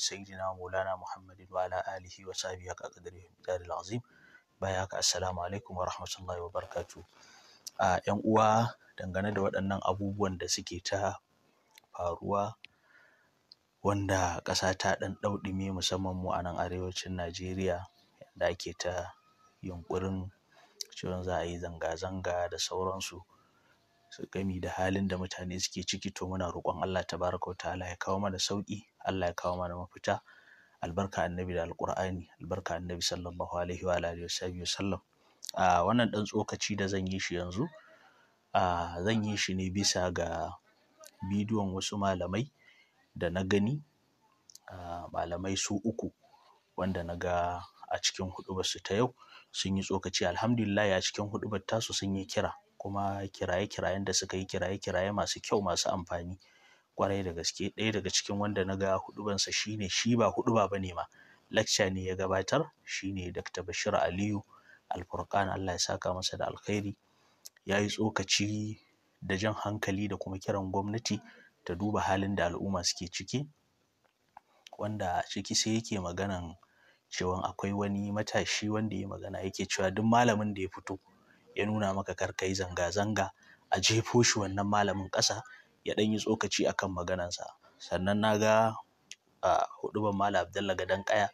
sayyidina Maulana Muhammadin wa ala alihi wa sahbihi haka qadari miqdaril azim baya haka assalamu alaikum wa rahmatullahi wa barakatuh a yan uwa dangane da waɗannan abubuwan da suke ta faruwa wanda ƙasa ta ɗan ɗauɗime musamman mu a nan arewacin Najeriya da ake ta yunƙurin ciwon za a yi zanga-zanga da sauransu su gami da halin da mutane suke ciki to muna roƙon Allah tabaraka wa ta'ala ya kawo mana sauƙi Allah ya kawo mana mafita albarka annabi da alqur'ani albarka annabi sallallahu alaihi wa alihi wa sallam a wannan ɗan tsokaci da zan yi shi yanzu a zan yi shi ne bisa ga bidiyon wasu malamai da na gani malamai su uku wanda na ga a cikin hudubar su ta yau sun yi tsokaci alhamdulillah a cikin huɗubar tasu sun yi kira kuma kiraye-kirayen da suka yi kiraye-kiraye masu kyau masu amfani kwarai da gaske ɗaya daga cikin wanda na ga huɗubansa shine shi ba huɗuba ba ne ma lacca ne ya gabatar shine Dr. Bashir Aliyu Alfurkan Allah ya saka masa da alkhairi ya yi tsokaci da jan hankali da kuma kiran gwamnati ta duba halin da al'umma suke ciki wanda ciki sai yake maganan cewa akwai wani matashi wanda ya magana yake cewa duk malamin da ya fito ya nuna maka kar ka yi zanga-zanga a jefo shi wannan malamin ƙasa ya ɗan yi tsokaci a kan maganarsa. Sannan na ga a huɗuban Malam Abdallah Gadon-Ƙaya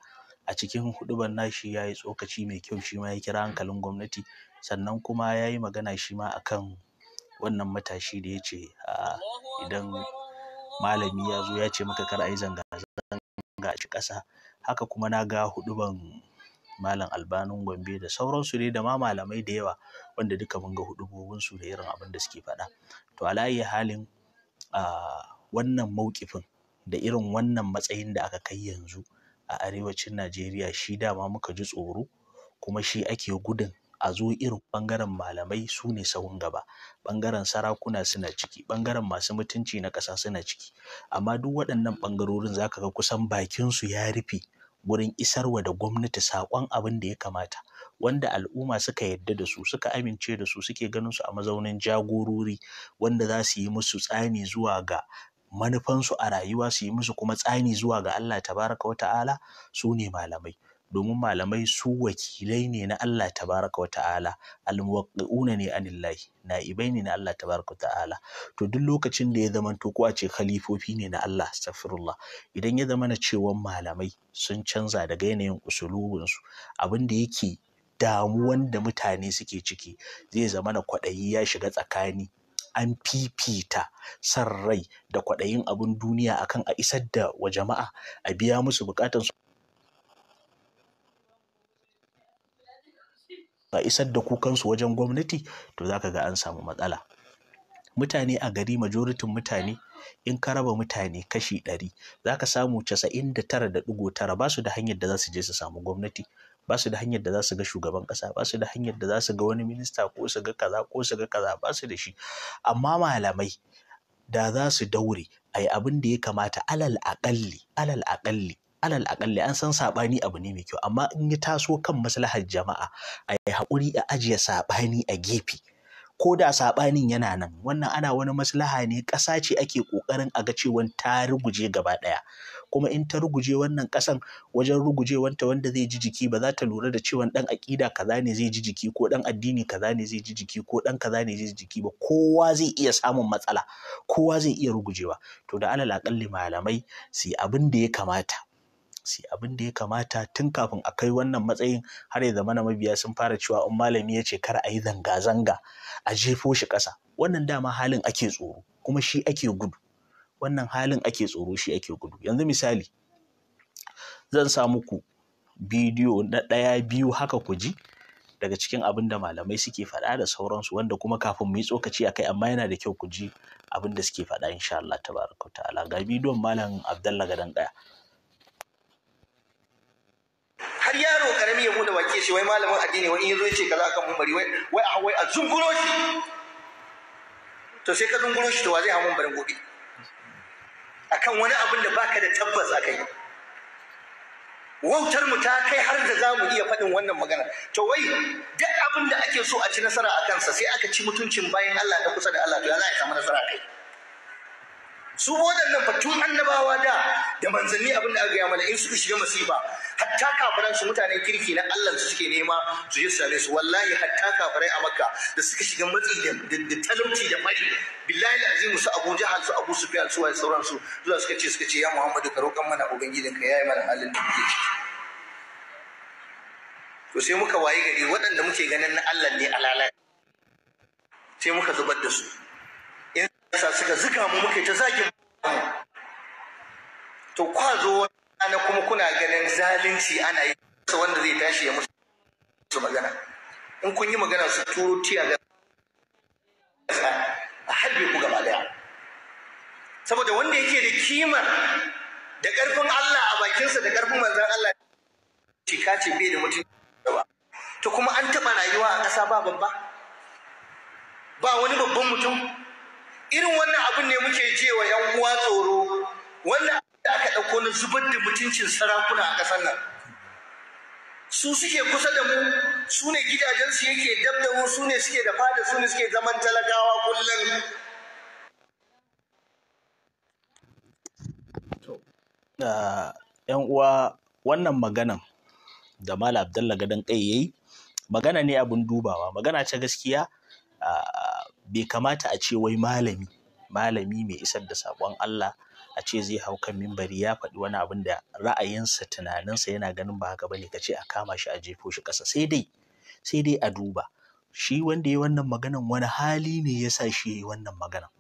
a cikin huɗuban nashi ya yi tsokaci mai kyau shi ma ya kira hankalin gwamnati sannan kuma ya yi magana shi ma a kan wannan matashi da ya ce idan malami ya zo ya ce maka kar a yi zanga-zanga a ci ƙasa. Haka kuma na ga huɗuban Malam Albanin Gombe da sauransu ne da ma malamai da yawa wanda duka mun ga huɗubobinsu da irin abin da suke faɗa. To ala ayyi halin wannan mawƙifin da irin wannan matsayin da aka kai yanzu a arewacin Najeriya shi dama muka ji tsoro kuma shi ake gudun a zo irin ɓangaren malamai su ne sahun gaba ɓangaren sarakuna suna ciki ɓangaren masu mutunci na ƙasa suna ciki amma duk waɗannan ɓangarorin za ka ga kusan bakinsu ya rufe wurin isarwa da gwamnati saƙon abin da ya kamata wanda al'umma suka yadda da su suka amince da su suke ganin su a mazaunin jagorori wanda za su yi musu tsani zuwa ga manufansu a rayuwa su yi musu kuma tsani zuwa ga Allah tabaraka wata'ala su ne malamai domin malamai su wakilai ne na Allah tabaraka wata'ala almuwaqqi'una ne anillahi na'ibai ne na Allah tabaraka wata'ala to duk lokacin da ya zamanto ko a ce khalifofi ne na Allah astaghfirullah idan ya zama na cewa malamai sun canza daga yanayin usulubinsu abin da yake damuwan da mutane suke ciki zai zama na kwaɗayi ya shiga tsakani an fifita san rai da kwaɗayin abin duniya akan a isar da wa jama'a a biya musu bukatansu a isar da kukansu wajen gwamnati to za ka ga an samu matsala mutane a gari majoritin mutane in ka raba mutane kashi ɗari za ka samu casa'in da tara da ɗigo tara ba su da hanyar da za su je su samu gwamnati ba su da hanyar da za su ga shugaban kasa. ba su da hanyar da za su ga wani minista ko su ga kaza ko su ga kaza ba su da shi amma malamai da za su daure a yi abin da ya kamata alal aƙalli alal aƙalli alal aƙalli an san saɓani abu ne mai kyau amma in ya taso kan maslahar jama'a a yi haƙuri a ajiye saɓani a gefe ko da saɓanin yana nan wannan ana wani maslaha ne ƙasa ce ake ƙoƙarin a ga cewa ta ruguje gaba ɗaya kuma in ta ruguje wannan kasan wajen rugujewanta wanda zai ji jiki ba za ta lura da cewa ɗan aƙida kaza ne zai ji jiki ko ɗan addini kaza ne zai ji jiki ko ɗan kaza ne zai ji jiki ba kowa zai iya samun matsala kowa zai iya rugujewa to da alal aƙalli malamai sai abin da ya kamata Sai abin da ya kamata tun kafin a kai wannan matsayin har ya zama na mabiya sun fara cewa in malami ya ce kar a yi zanga-zanga a jefo shi ƙasa wannan dama halin ake tsoro kuma shi ake gudu wannan halin ake tsoro shi ake gudu yanzu misali zan sa muku bidiyo na ɗaya biyu haka ku ji daga cikin abin da malamai suke faɗa da sauransu wanda kuma kafin mu yi tsokaci a kai amma yana da kyau ku ji abin da suke faɗa insha Allah tabaraka ta'ala ga bidiyon malam Abdalla gadan ɗaya har yaro karami ya bude wake shi wai malamin addini wai in yazo yace kaza akan mumbari wai wai a wai a zunguro shi to sai ka zunguro shi to wa zai hawo mumbarin gobe akan wani abin da baka da tabbas a kai wautar mu ta kai har da za mu iya faɗin wannan magana to wai duk abin da ake so a ci nasara a kansa sai aka ci mutuncin bayan Allah da kusa da Allah to ya za a samu nasara a kai su waɗannan fa annabawa da da manzanni abin da aka gaya mana in suka shiga masifa hatta kafiran su mutanen kirki na Allah su suke nema su je same su wallahi hatta kafirai a Makka da suka shiga matsi da talauci da fari billahi alazim su Abu Jahal su Abu Sufyan su sauran su zuwa suka ce suka ce ya Muhammadu ka roƙan mana ka yayi mana halin da muke ciki to sai muka waye gari waɗanda muke ganin na Allah ne alalai sai muka zubar da su sa suka zuga mu muke ta zagin to kwa zo na kuma kuna ganin zalunci ana yi wanda zai tashi ya musu magana in kun yi magana su turo tiya ga a harbe ku gaba daya saboda wanda yake da kima da ƙarfin Allah a bakinsa da ƙarfin manzon Allah cika ce bai da mutum ba to kuma an taɓa rayuwa a ƙasa ba babba ba wani babban mutum irin wannan abin ne muke je wa yan uwa tsoro wannan da aka ɗauko na zubar da mutuncin sarakuna a ƙasar nan su suke kusa da mu su ne gidajensu yake dab da mu su ne suke da fada su ne suke zaman talakawa kullum yan uwa wannan maganan da Malam abdullahi Gadon Kai yayi magana ne abin dubawa magana ta gaskiya bai kamata a ce wai malami malami mai isar da saƙon Allah a ce zai hau kan mimbari ya faɗi wani abin da ra'ayinsa tunaninsa yana ganin ba haka bane Ka ce a kama shi a jefo shi ƙasa sai dai sai dai a duba shi wanda ya wannan maganan wani hali ne ya sa shi ya yi wannan maganan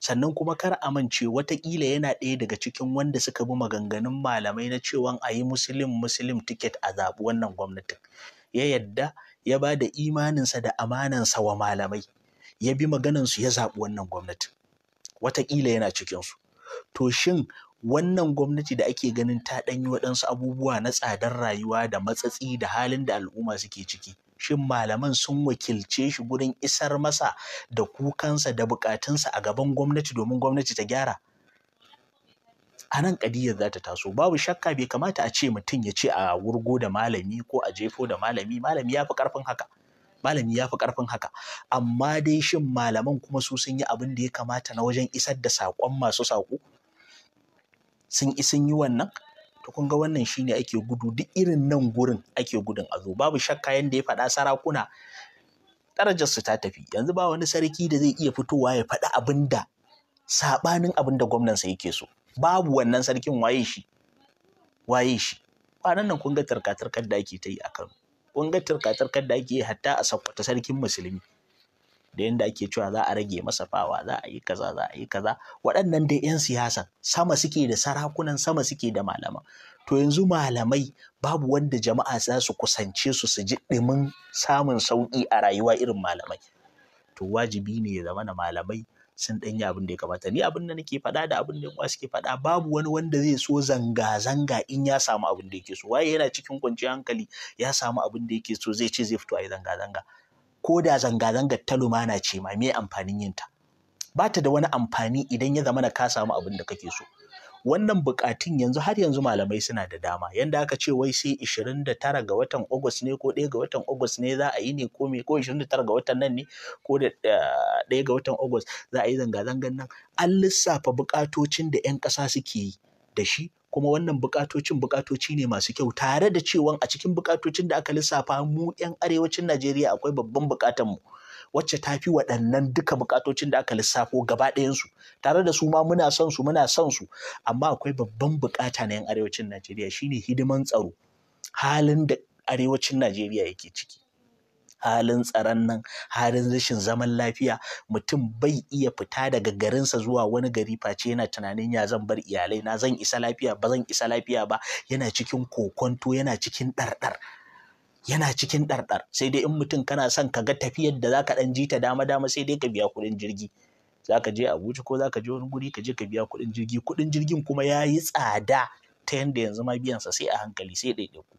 sannan kuma kar a amince watakila yana ɗaya daga cikin wanda suka bi maganganun malamai na cewa a yi musulun musulun tiket a zaɓi wannan gwamnatin ya yadda ya ba da imaninsa da amanansa wa malamai ya bi maganansu ya zaɓi wannan gwamnatin Wataƙila yana cikinsu to shin wannan gwamnati da ake ganin ta ɗanyi waɗansu abubuwa na tsadar rayuwa da matsatsi da halin da al'umma suke ciki shin malaman sun wakilce shi gurin isar masa da kukansa da bukatunsa a gaban gwamnati domin gwamnati ta gyara a nan kadiyar za ta taso babu shakka bai kamata a ce mutum ya ce a wurgo da malami ko a jefo da malami malami ya fi karfin haka malami ya fi ƙarfin haka amma dai shin malaman kuma su sun yi abin da ya kamata na wajen isar da saƙon masu saƙo sun isin yi wannan to kun ga wannan shine ake gudu duk irin nan gurin ake gudun a zo babu shakka yanda ya faɗa sarakuna darajar su ta tafi yanzu ba wani sarki da zai iya fitowa ya faɗi abin da saɓanin abin da gwamnansa yake so babu wannan sarkin waye shi waye shi kwanan nan kun ga tarkatarkar da ake ta yi a Kano kun ga turka da ake hatta a sakkwata sarkin musulmi da yadda ake cewa za a rage masa fawa za a yi kaza za a yi kaza waɗannan dai 'yan siyasa sama suke da sarakunan sama suke da malama to yanzu malamai babu wanda jama'a za su kusance su su ji ɗimin samun sauƙi a rayuwa irin malamai to wajibi ne ya zama na malamai sun ɗan yi abin da ya kamata ni abin da nake faɗa da abin da yan suke faɗa babu wani wanda zai so zanga zanga in ya samu abin da yake so waye yana cikin kwanciyar hankali ya samu abin da yake so zai ce zai fito a yi zanga zanga ko da zanga zanga ta lumana ce ma me amfanin yin ta ba ta da wani amfani idan ya zama ka samu abin da kake so wannan bukatun yanzu har yanzu malamai suna da dama yanda aka ce wai sai 29 ga watan August ne ko 1 ga watan August ne za a yi ne ko me ko 29 ga watan nan ne ko da 1 ga watan August za a yi zanga-zangan nan an lissafa bukatocin da 'yan ƙasa suke yi da shi kuma wannan bukatocin bukatoci ne masu kyau tare da cewa a cikin bukatocin da aka lissafa mu 'yan arewacin Najeriya akwai babban bukatan mu wacce ta fi waɗannan duka buƙatocin da aka lissafo gaba ɗayansu tare da su ma muna son su muna son su amma akwai babban buƙata na 'yan arewacin najeriya shine hidiman tsaro halin da arewacin najeriya yake ciki halin tsaron nan halin rashin zaman lafiya mutum bai iya fita daga garinsa zuwa wani gari face yana tunanin ya zan bar iyalai na zan isa lafiya ba zan isa lafiya ba yana cikin kokonto yana cikin ɗarɗar yana cikin ɗarɗar sai dai in mutum kana son ka ga tafiyar da za ka ɗan ji ta dama dama sai dai ka biya kuɗin jirgi Za ka je Abuja ko za ka je wani guri ka je ka biya kuɗin jirgi kuɗin jirgin kuma ya yi tsada ta yanda yanzu ma biyansa sai a hankali sai ɗaiɗaiku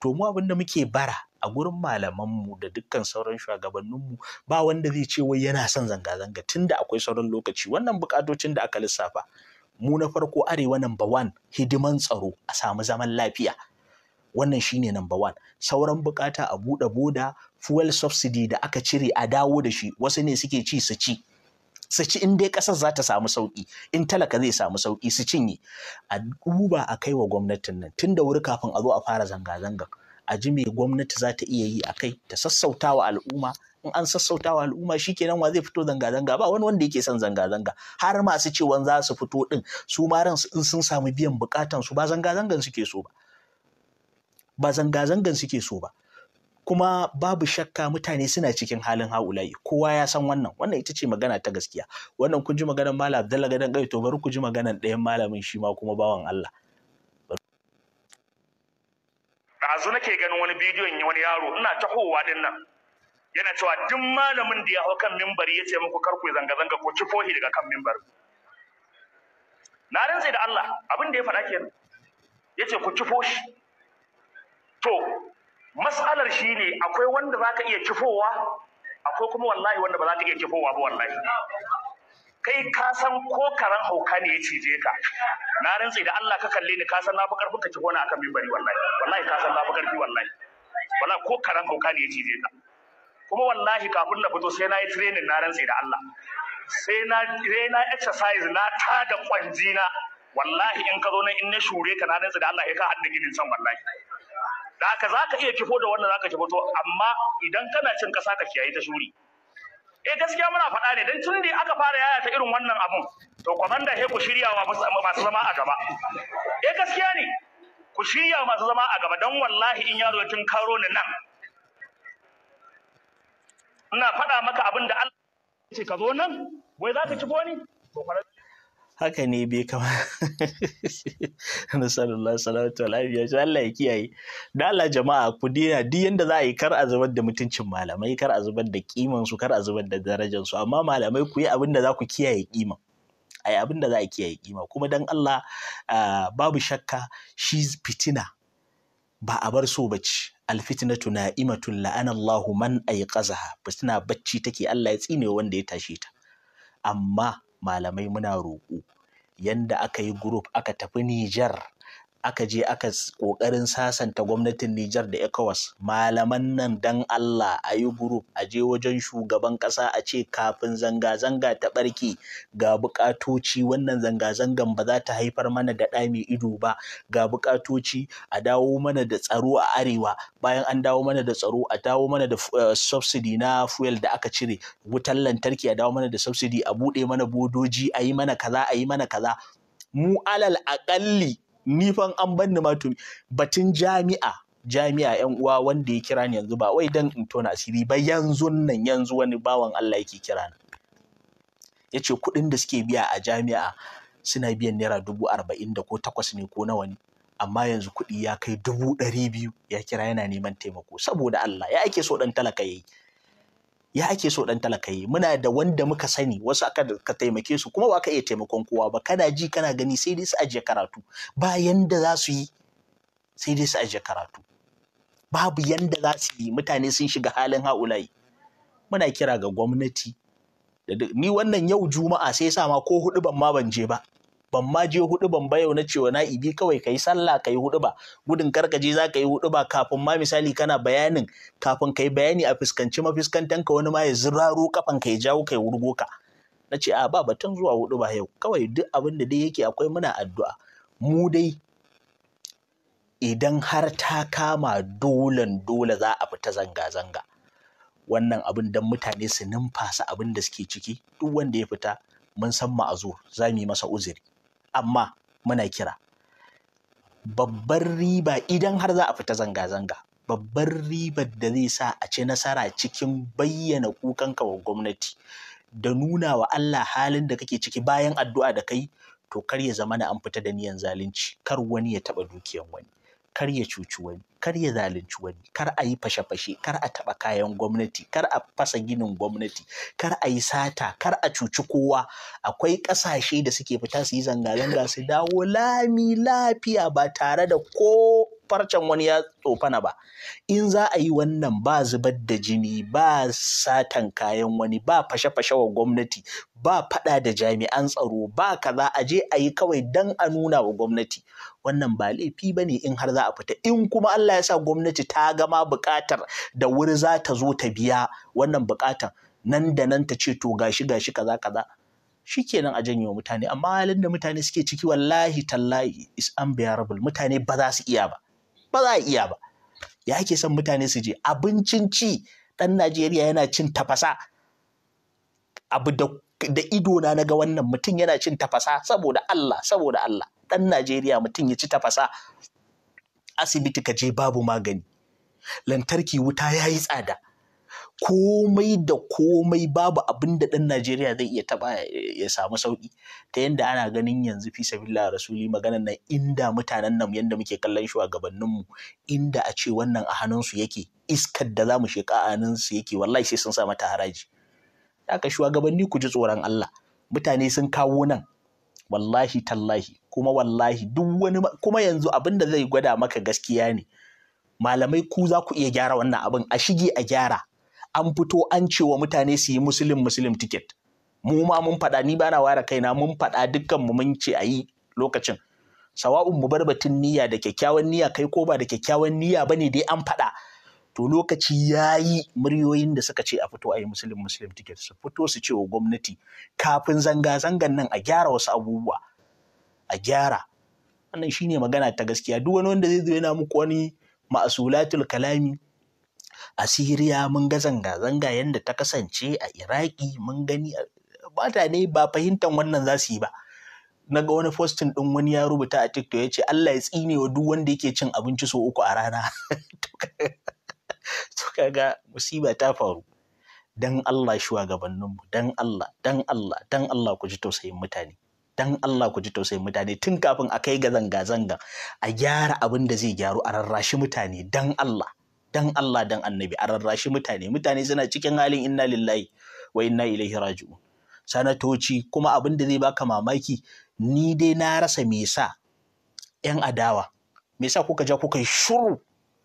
to mu abinda muke bara a gurin malamanmu da dukkan sauran shugabanninmu ba wanda zai ce wai yana son zanga-zanga tunda akwai sauran lokaci wannan bukatocin da aka lissafa mu na farko arewa number one hidiman tsaro a samu zaman lafiya wannan shine number one sauran bukata a buɗe boda fuel subsidy da aka cire a dawo da shi wasu ne suke ci su ci su ci in dai ƙasar za ta samu sauƙi in talaka zai samu sauƙi su cinye a duba a kai wa gwamnatin nan tun da wuri kafin a zo a fara zanga-zanga a ji me gwamnati za ta iya yi a kai ta sassauta wa al'umma in an sassauta wa al'umma shikenan wa zai fito zanga-zanga ba wani wanda yake son zanga-zanga har masu cewa za su fito din su ma in sun samu biyan bukatan su ba zanga-zangan suke so ba ba zanga-zangan suke so ba kuma babu shakka mutane suna cikin halin haulayi kowa ya san wannan wannan ita ce magana ta gaskiya wannan kun ji maganar malam Abdullahi gadan kai to bari ku ji maganar ɗayan malamin shi ma kuma bawan Allah ɗazu nake ganin wani bidiyon wani yaro ina tahowa din nan yana cewa duk malamin da ya hau kan mimbari ya ce muku kar ku zanga-zanga ko kifohi daga kan mimbari na rantsa da Allah abin da ya faɗa kenan ya ce ku ci fushi. to mas'alar shi ne akwai wanda za ka iya kifowa akwai kuma wallahi wanda ba za ka iya kifowa ba wallahi kai ka san ko karan hauka ne ya cije ka na rantsi da Allah ka kalle ni ka san na fi karfin ka kifona akan mimbari wallahi wallahi ka san na fi karfi wallahi wallahi ko karan hauka ne ya cije ka kuma wallahi kafin na fito sai na yi training na rantsi da Allah sai na sai na exercise na tada kwanjina wallahi in ka zo nan in na shure ka na rantsi da Allah ya ka haɗa ginin san wallahi da haka za ka iya kifo da wannan za ka kifo to amma idan kana cin kasa ka kiyaye ta shuri eh gaskiya muna faɗa ne dan tun da aka fara yaya ta irin wannan abun to kwamanda he ku shirya wa masu zama a gaba eh gaskiya ne ku shirya masu zama a gaba dan wallahi in yaro tun karo ni nan ina faɗa maka abin da Allah ya ce ka zo nan wai za ka kifo ni to kwarar haka ne bai kama nasallallahu salamatu wa lafiya shi Allah ya kiyaye da Allah jama'a ku dina duk yadda za a yi kar a zubar da mutuncin malamai kar a zubar da kiman su kar a zubar da darajar su amma malamai ku yi abin da za ku kiyaye kima ai abin da za a kiyaye kima kuma dan Allah babu shakka shi fitina ba a bar so bace alfitnatu na'imatun la'ana Allahu man ayqazaha fitina bacci take Allah ya tsine wanda ya tashe ta amma malamai muna roƙo. Yanda aka yi group aka tafi Nijar aka je aka ƙoƙarin sasanta gwamnatin Nijar da ECOWAS malaman nan dan Allah a yi group a je wajen shugaban ƙasa a ce kafin zanga-zanga ta ɓarke ga buƙatoci wannan zanga-zangan ba za ta haifar mana da ɗa mai ido ba ga buƙatoci a dawo mana da tsaro a arewa bayan an dawo mana da tsaro a dawo mana da eh, subsidy na fuel da aka cire wutar lantarki a dawo mana da subsidy a buɗe mana bodoji a yi mana kaza a yi mana kaza mu alal aƙalli nifan an ban ni batun jami'a jami'a yan uwa wanda ya kira ni yanzu ba wai dan in tona asiri ba yanzu nan yanzu wani bawan Allah yake kira ni yace kuɗin da suke biya a jami'a suna biyan naira dubu arba'in da ko takwas ne ko nawa ne amma yanzu kudi ya kai dubu ɗari biyu ya kira yana neman taimako saboda Allah ya ake so ɗan talaka yayi ya ake so ɗan talaka yi muna da wanda muka sani wasu aka ka taimake su kuma ba ka iya taimakon kowa ba kana ji kana gani sai dai su ajiye karatu ba yanda za su yi sai dai su ajiye karatu babu yanda za su yi mutane sun shiga halin haulayi muna kira ga gwamnati ni wannan yau juma'a sai sa ma ko hudu ban ma ban je ba ban ma je hudu ban yau na cewa na ibi kawai kai sallah kai hudu ba gudun karkaje za ka yi hudu ba kafin ma misali kana bayanin kafin kai bayani a fuskanci mafiskantan ka wani ma ya ziraro kafan ka ya jawo kai wurgo ka na ce a ba batun zuwa hudu ba yau kawai duk abin da dai yake akwai muna addu'a mu dai idan har ta kama dolan dole za a fita zanga-zanga wannan abin don mutane su numfasa abin da suke ciki duk wanda ya fita mun san ma'azur za mu yi masa uzuri amma muna kira babbar riba idan har za a fita zanga-zanga babbar ribar da zai sa a ce nasara cikin bayyana kukanka wa gwamnati da nuna wa Allah halin da kake ciki bayan addu'a da kai to kar ya zama na an fita da niyan zalunci kar wani ya taɓa dukiyan wani kar ya cuci wani kar ya zalunci wani kar a yi fashe-fashe kar a taɓa kayan gwamnati kar a fasa ginin gwamnati kar a yi sata kar a cuci kowa akwai ƙasashe da suke fita su yi zanga-zanga su dawo lami lafiya ba tare da ko farcen wani ya tsofana ba in za a yi wannan ba zubar da jini ba satan kayan wani ba fashe-fashe wa gwamnati ba fada da jami'an tsaro ba kaza a je a yi kawai dan a nuna wa gwamnati wannan ba laifi ba ne in har za a fita in kuma Allah ya sa gwamnati ta gama buƙatar da wuri za ta zo ta biya wannan buƙatar nan da nan ta ce to gashi gashi kaza kaza shi kenan a janyo mutane amma halin da mutane suke ciki wallahi tallahi is unbearable mutane ba za su iya ba ba za a iya ba ya ake son mutane su je abincin ci ɗan Najeriya yana cin tafasa abu da idona ido na ga wannan mutum yana cin tafasa saboda Allah saboda Allah ɗan Najeriya mutum ya ci tafasa asibiti ka je babu magani lantarki wuta ya yi tsada komai da komai babu abin da ɗan Najeriya zai iya taɓa ya samu sauƙi ta yadda ana ganin yanzu fi sabila rasuli maganan nan inda mutanen nan yadda muke kallon shugabanninmu inda a ce wannan a hannunsu yake iskar da za mu sheƙa a hannunsu yake wallahi sai sun sa mata haraji haka shugabanni ku ji tsoron Allah mutane sun kawo nan wallahi tallahi kuma wallahi duk wani kuma yanzu abin da zai gwada maka gaskiya ne malamai ku za ku iya gyara wannan abin a shige a gyara an fito an ce wa mutane su yi musulun musulun ticket mu ma mun faɗa ni bana ware kaina mun faɗa dukkan mu mun ce a yi lokacin sawa'un mu bar batun niyya da kyakkyawan niyya kai ko ba da kyakkyawan niyya bane dai an faɗa to lokaci ya yi muryoyin da suka ce a fito a yi musulun musulun ticket su fito su ce wa gwamnati kafin zanga-zangan nan a gyara wasu abubuwa a gyara wannan shine magana ta gaskiya duk wani wanda zai zo yana muku wani ma'asulatul kalami a Siriya mun ga zanga-zanga yadda ta kasance a Iraki mun gani ne ba fahimtar wannan za su yi ba. Na ga wani fostin ɗin wani ya rubuta a TikTok ya ce Allah ya tsine wa duk wanda yake cin abinci sau uku a rana. To kaga musiba ta faru. Dan Allah shugabanninmu, dan Allah, dan Allah, dan Allah ku ji tausayin mutane. dan Allah ku ji tausayin mutane tun kafin a kai ga zanga-zanga a gyara abin da zai gyaru a rarrashi mutane dan Allah dan Allah dan annabi a rarrashi mutane mutane suna cikin halin inna lillahi wa inna ilaihi raji'un sanatoci kuma abin da zai baka mamaki ni dai na rasa me yasa yan adawa me yasa kuka ja kuka shuru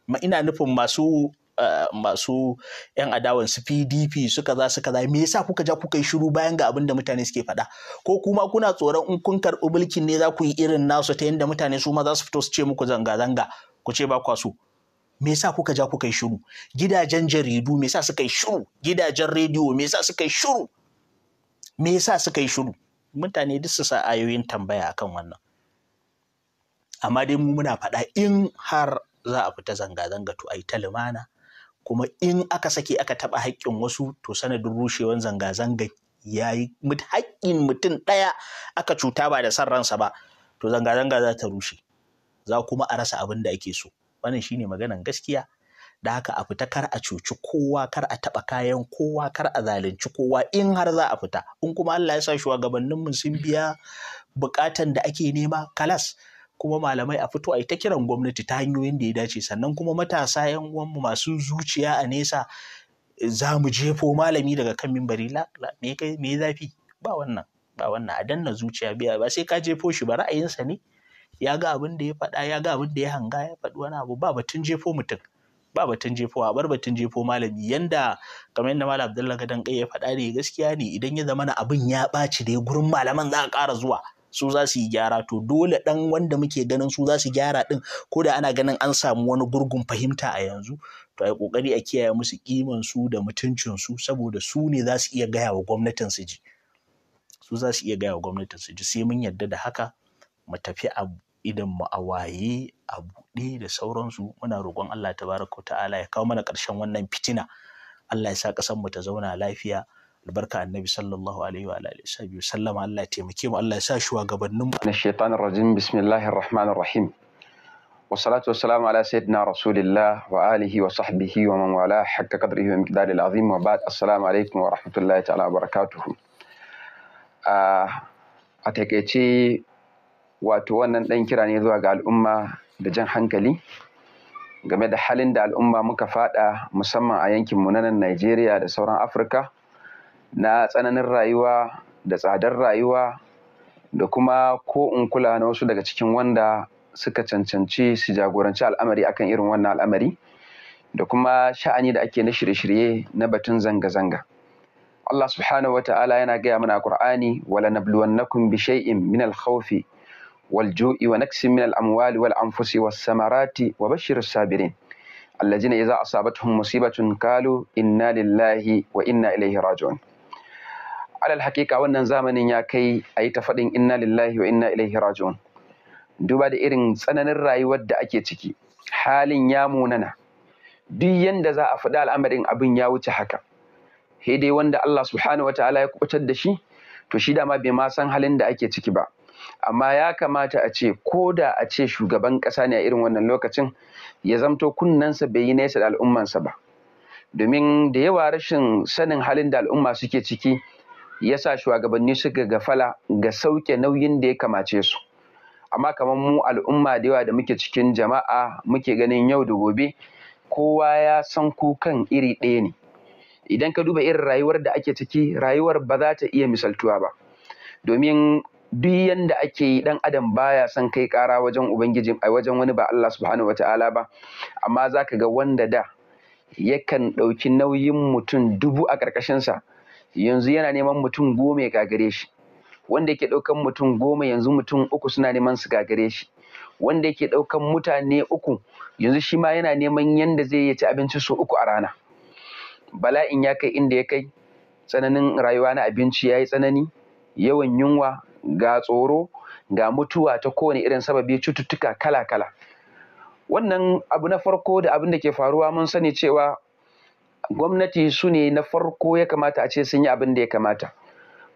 ma ina nufin masu eh, masu yan adawan su PDP su za su za me yasa kuka ja kuka shiru bayan ga abin da mutane suke faɗa ko kuma kuna tsoron in kun karɓi mulkin ne za ku yi irin nasu ta yadda mutane su ma za su fito su ce muku zanga zanga ku ce ba kwa so me yasa kuka ja kuka yi shiru gidajen jaridu me yasa suka yi shiru gidajen rediyo me yasa suka yi shiru me yasa suka yi shiru mutane duk su sa ayoyin tambaya akan wannan amma dai mu muna faɗa in har za a fita zanga-zanga to a yi ta limana, kuma in aka sake aka taɓa haƙƙin wasu to sanadin rushewan zanga-zanga ya yi haƙƙin mutum ɗaya aka cuta ba da san ransa ba to zanga-zanga za ta rushe za kuma a rasa abin da ake so wannan shine maganan gaskiya da haka a fita kar a cuci kowa kar a taɓa kayan kowa kar a zalunci kowa in har za a fita in kuma Allah ya sa mu sun biya bukatan da ake nema kalas kuma malamai a fito a yi ta kiran gwamnati ta hanyoyin da ya dace sannan kuma matasa yan uwanmu masu zuciya a nesa za mu jefo malami daga kan mimbari me zafi ba wannan ba wannan a danna zuciya biya ba sai ka jefo shi ba ra'ayinsa ne ya ga abin da ya faɗa ya ga abin da ya hanga ya faɗi wani abu ba batun jefo mutum ba batun jefo a bar batun jefo malami yanda kamar yadda malam abdullahi gadan kai ya faɗa ne gaskiya ne idan ya zama na abin ya ɓaci da gurin malaman za a ƙara zuwa su za su yi gyara to dole dan wanda muke ganin su za su gyara ɗin ko da ana ganin an samu wani gurgun fahimta a yanzu to a yi ƙoƙari a kiyaye musu ƙiman su da mutuncin su saboda su ne za su iya gaya wa gwamnatin su ji su za su iya gaya wa gwamnatin su ji sai mun yarda da haka mu tafi a mu a waye a buɗe da sauransu muna roƙon Allah tabaraka wa ta'ala ya kawo mana ƙarshen wannan fitina Allah ya sa ƙasar mu ta zauna lafiya albarka annabi sallallahu alaihi wa alihi sallama Allah ya taimake mu Allah ya sa shugabannin mu na shaytanir rajim bismillahir rahmanir rahim wa salatu wa salamu ala sayyidina rasulillah wa alihi wa sahbihi wa man wala hakka qadrihi wa miqdaril azim wa ba'd assalamu alaikum wa rahmatullahi ta'ala wa barakatuh ah, a takeice wato wannan ɗan kira ne zuwa ga al'umma da jan hankali game da halin da al'umma muka faɗa musamman a yankin mu na nan Najeriya da sauran Afirka na tsananin rayuwa da tsadar rayuwa da kuma ko in kula na wasu daga cikin wanda suka cancanci su jagoranci al'amari akan irin wannan al'amari da kuma sha'ani da ake na shirye-shirye na batun zanga-zanga. Allah subhanahu wa ta'ala yana gaya mana a Qur'ani wala nabluwannakum bi shay'in min al-khawfi والجوع ونقص من الأموال والأنفس والثمرات وبشر الصابرين الذين إذا أصابتهم مصيبة قالوا إنا لله وإنا إليه راجعون على الحقيقة wannan zamanin ya kai a yi ta faɗin inna lillahi wa inna ilaihi raji'un duba da irin tsananin rayuwar da ake ciki halin ya munana duk yanda za a faɗi al'amarin abin ya wuce haka sai dai wanda Allah subhanahu wataala ya kubutar da shi to shi dama bai ma san halin da ake ciki ba amma ya kamata a ce ko da a ce shugaban ƙasa ne a irin wannan lokacin ya zamto kunnensa bai yi nesa da al'ummansa ba domin da yawa rashin sanin halin da al'umma suke ciki ya sa shugabanni suka gafala ga sauke nauyin da ya kamace su amma kamar mu al'umma da yawa da muke cikin jama'a muke ganin yau da gobe kowa ya san kukan iri ɗaya ne idan ka duba irin rayuwar da ake ciki rayuwar ba za ta iya misaltuwa ba domin duk yanda ake yi dan adam baya son kai kara wajen ubangiji a wajen wani ba Allah subhanahu wataala ba amma zaka ga wanda da yakan ɗauki nauyin mutum dubu a ƙarƙashinsa yanzu yana neman mutum goma ya gagare shi wanda yake ɗaukan mutum goma yanzu mutum uku suna neman su gagare shi wanda yake ɗaukan mutane uku yanzu shi ma yana neman yanda zai ya ci abinci so uku a rana bala'in ya kai inda ya kai tsananin rayuwa na abinci ya yi tsanani yawan yunwa ga tsoro ga mutuwa ta kowane irin sababi cututtuka kala-kala wannan abu na farko da abin da ke faruwa mun sani cewa gwamnati su ne na farko ya kamata a ce sun yi abin da ya kamata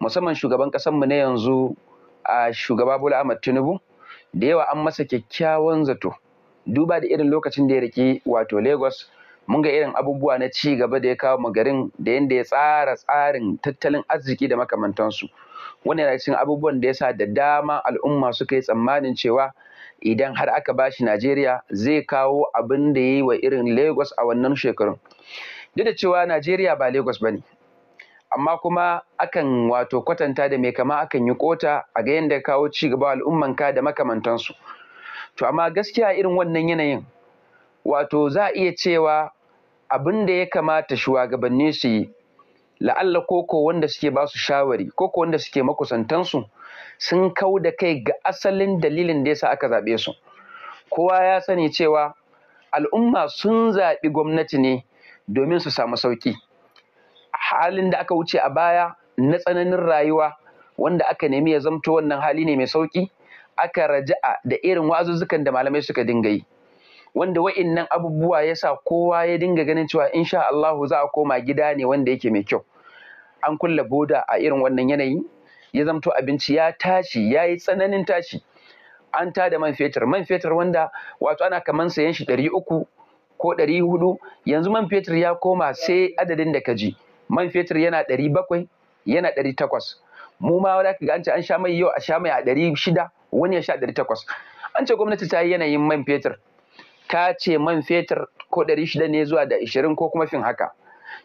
musamman shugaban mu na yanzu a shugaba Bula ahmad tinubu da yawa an masa kyakkyawan zato duba da irin lokacin da ya riki wato lagos mun ga irin abubuwa na ci gaba da ya kawo mu garin da yadda ya tsara tsarin tattalin arziki da makamantansu wani yana cikin abubuwan da ya sa da dama al'umma suka yi tsammanin cewa idan har aka bashi Najeriya zai kawo abin da yi wa irin Lagos a wannan shekarun duk da cewa Najeriya ba Lagos ba ne, amma kuma akan wato kwatanta da mai kama akan yi kota a ga yadda kawo ci gaba ka da makamantansu to amma gaskiya irin wannan yanayin wato za a iya cewa abin da ya kamata shugabanni su yi la'alla koko wanda suke ba su shawari koko wanda suke makusantansu sun kau da kai ga asalin dalilin da ya sa aka zaɓe su kowa ya sani cewa al'umma sun zaɓi gwamnati ne domin su samu sauƙi halin da aka wuce a baya na tsananin rayuwa wanda aka nemi ya zamto wannan hali ne mai sauƙi aka raja'a da irin wazuzzukan da malamai suka dinga yi wanda wa'innan abubuwa ya sa kowa ya dinga ganin cewa insha Allahu za a koma gida ne wanda yake mai kyau an kulle boda a irin wannan yanayi ya zamto abinci ya tashi ya yi tsananin tashi an ta da man fetur man fetur wanda wato ana kamar sayan shi ɗari uku ko ɗari hudu yanzu man fetur ya koma sai adadin da ka ji man fetur yana ɗari bakwai yana ɗari takwas mu ma wanda ka an ce an sha mai yau a sha mai a ɗari shida wani ya sha ɗari takwas an ce gwamnati ta yi yanayin man fetur ka ce man fetur ko ɗari shida ne zuwa da ishirin ko kuma fin haka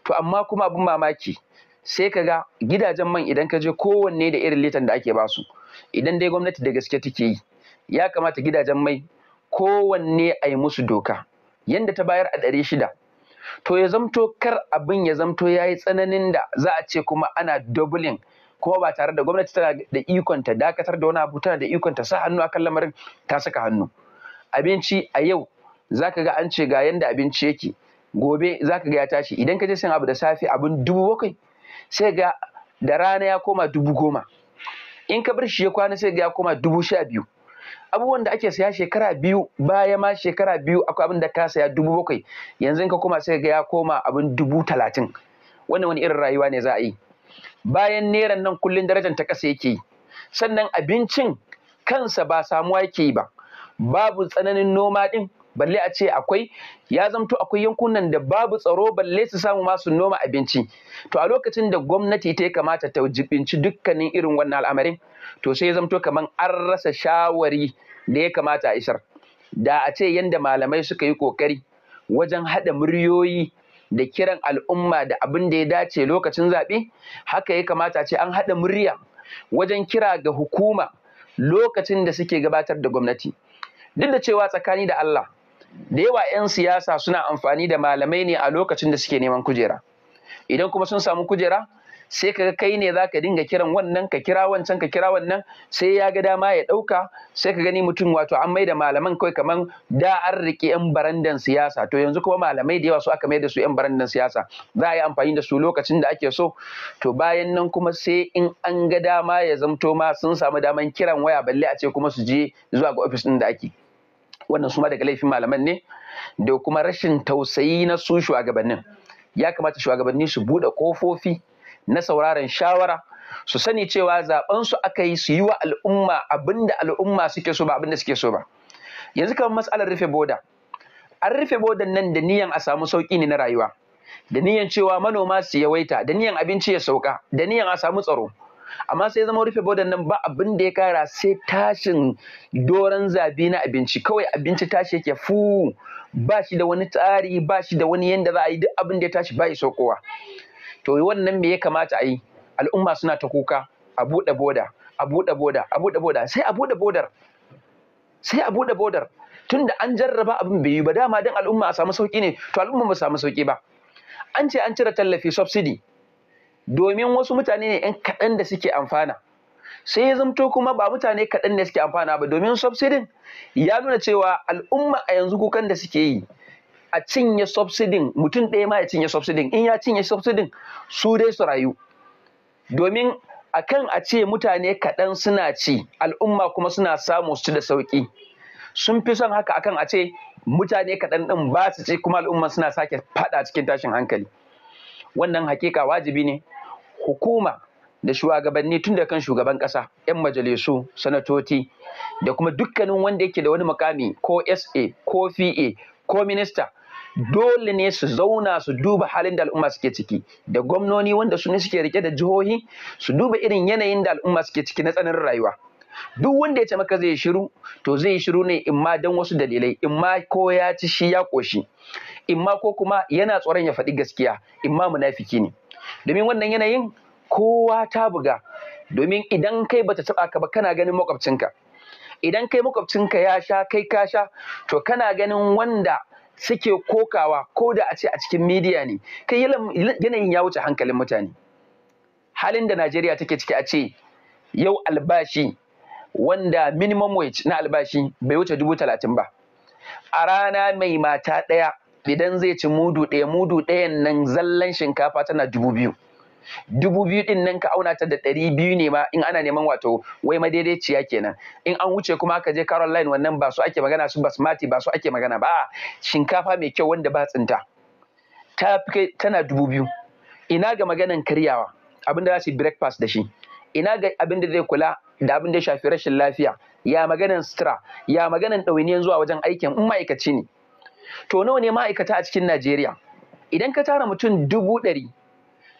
to amma kuma abin mamaki sai ka ga gidajen man idan ka je kowanne da irin litan da ake basu idan dai gwamnati da gaske take yi ya kamata gidajen mai kowanne a yi musu doka yanda ta bayar a ɗari shida to ya zamto kar abin ya zamto ya yi tsananin da za a ce kuma ana dubulin kuma ba tare da gwamnati tana da ikon dakatar da wani abu tana da ikonta, sa hannu a kan lamarin ta saka hannu abinci a yau zaka ga an ce ga yanda abinci yake gobe zaka ga ya tashi idan ka je sayan abu da safe abin dubu bakwai sai ga da rana ya koma dubu goma in ka bar shi ya kwana sai ga ya koma dubu sha biyu abubuwan da ake saya shekara biyu baya ma shekara biyu akwai abin da ka saya dubu bakwai yanzu ka koma sai ga ya koma abin dubu talatin wannan wani irin rayuwa ne za a yi bayan neran nan kullun darajar ta ƙasa yake yi sannan abincin kansa ba samuwa yake yi ba babu tsananin noma din. balle a ce akwai ya zamto akwai yankunan da babu tsaro balle su samu masu noma abinci to a lokacin da gwamnati ta kamata ta jibinci dukkanin irin wannan al'amarin to sai ya zamto kamar an rasa shawari da ya kamata a isar da a ce yadda malamai suka yi kokari wajen haɗa muryoyi da kiran al'umma da abin da ya dace lokacin zaɓe haka ya kamata ce an haɗa murya wajen kira ga hukuma lokacin da suke gabatar da gwamnati duk da cewa tsakani da Allah da yawa 'yan siyasa suna amfani da malamai ne a lokacin da suke neman kujera idan kuma sun samu kujera sai ka kai ne za ka dinga kiran wannan ka kira wancan ka kira wannan sai ya ga dama ya ɗauka sai ka gani mutum wato an mai da malaman kawai kamar da an riƙe 'yan barandan siyasa to yanzu kuma malamai da yawa su aka mai da su 'yan barandan siyasa za a yi amfani da su lokacin da ake so to bayan nan kuma sai in an ga dama ya zamto ma sun samu daman kiran waya balle a ce kuma su je zuwa ga ofis ɗin da ake. wannan su ma daga laifin malaman ne da kuma rashin tausayi na su shugabannin ya kamata shugabanni su buɗe kofofi na sauraron shawara su sani cewa zaben su aka yi su yi wa al'umma abinda al'umma suke so ba abinda suke so ba yanzu kamar matsalar rufe boda an rufe bodan nan da niyan a samu sauki ne na rayuwa da niyan cewa manoma su yawaita da niyan abinci ya sauka da niyan a samu tsaro amma sai zama rufe bodan nan ba abin da ya kara sai tashin doron zabi na abinci kawai abinci tashi yake fu ba shi da wani tsari ba shi da wani yanda za a yi duk abin da ya tashi ba iso kowa to wannan me ya kamata a yi al'umma suna ta kuka a buɗe boda a buɗe boda a buɗe boda sai a buɗe bodar sai a buɗe bodar tunda an jarraba abin bai yi ba dama dan al'umma a samu sauki ne to al'umma ba samu sauki ba an ce an cire tallafi subsidy domin wasu mutane ne ‘yan kaɗan da suke amfana sai ya zamto kuma ba mutane kaɗan ne suke amfana ba domin subsidin ya nuna cewa al'umma a yanzu kukan da suke yi a cinye subsidin mutum ɗaya ma ya cinye subsidin in ya cinye subsidin su dai su rayu domin a kan a ce mutane kaɗan suna ci al'umma kuma suna samu su ci da sauƙi sun fi son haka akan a ce mutane kaɗan ɗin ba su ci kuma al'umma suna sake faɗa cikin tashin hankali wannan hakika wajibi ne hukuma da shugabanni tun da kan shugaban ƙasa, yan majalisu sanatoci da kuma dukkanin wanda yake da wani mukami ko sa ko fa ko minista dole ne su zauna su duba halin da al'umma suke ciki da gwamnoni wanda su ne suke rike da jihohi su duba irin yanayin da al'umma suke ciki na tsananin rayuwa duk wanda ya ce maka zai shiru to zai shiru ne in ma don wasu dalilai in ma ko ya ci shi ya koshi in ma ko kuma yana tsoron ya faɗi gaskiya in imma munafiki ne domin wannan yanayin kowa ta buga domin idan kai bata taba ka ba kana ganin makwabcinka idan kai makwabcinka ya sha kai ka sha to kana ganin wanda suke kokawa ko da a ce a cikin midiya ne kai yanayin ya wuce hankalin mutane halin da najeriya take ciki a ce yau albashi wanda minimum wage na albashi bai wuce dubu talatin ba a rana mai mata ɗaya idan zai ci mudu ɗaya mudu ɗayan nan zallan shinkafa tana dubu biyu dubu biyu din nan ka auna ta da ɗari biyu ne ma in ana neman wato wai madaidaiciya kenan in an wuce kuma ka je line wannan ba su ake magana su basmati ba su ake magana ba shinkafa mai kyau wanda ba tsinta ta tana dubu biyu ina ga maganan karyawa abinda za su yi breakfast da shi ina ga abin zai kula da abin da ya shafi rashin lafiya ya maganan sutura ya maganan ɗawainiyan zuwa wajen aikin in ma'aikaci ne to nawa ne ma'aikata a cikin Najeriya idan ka tara mutum dubu ɗari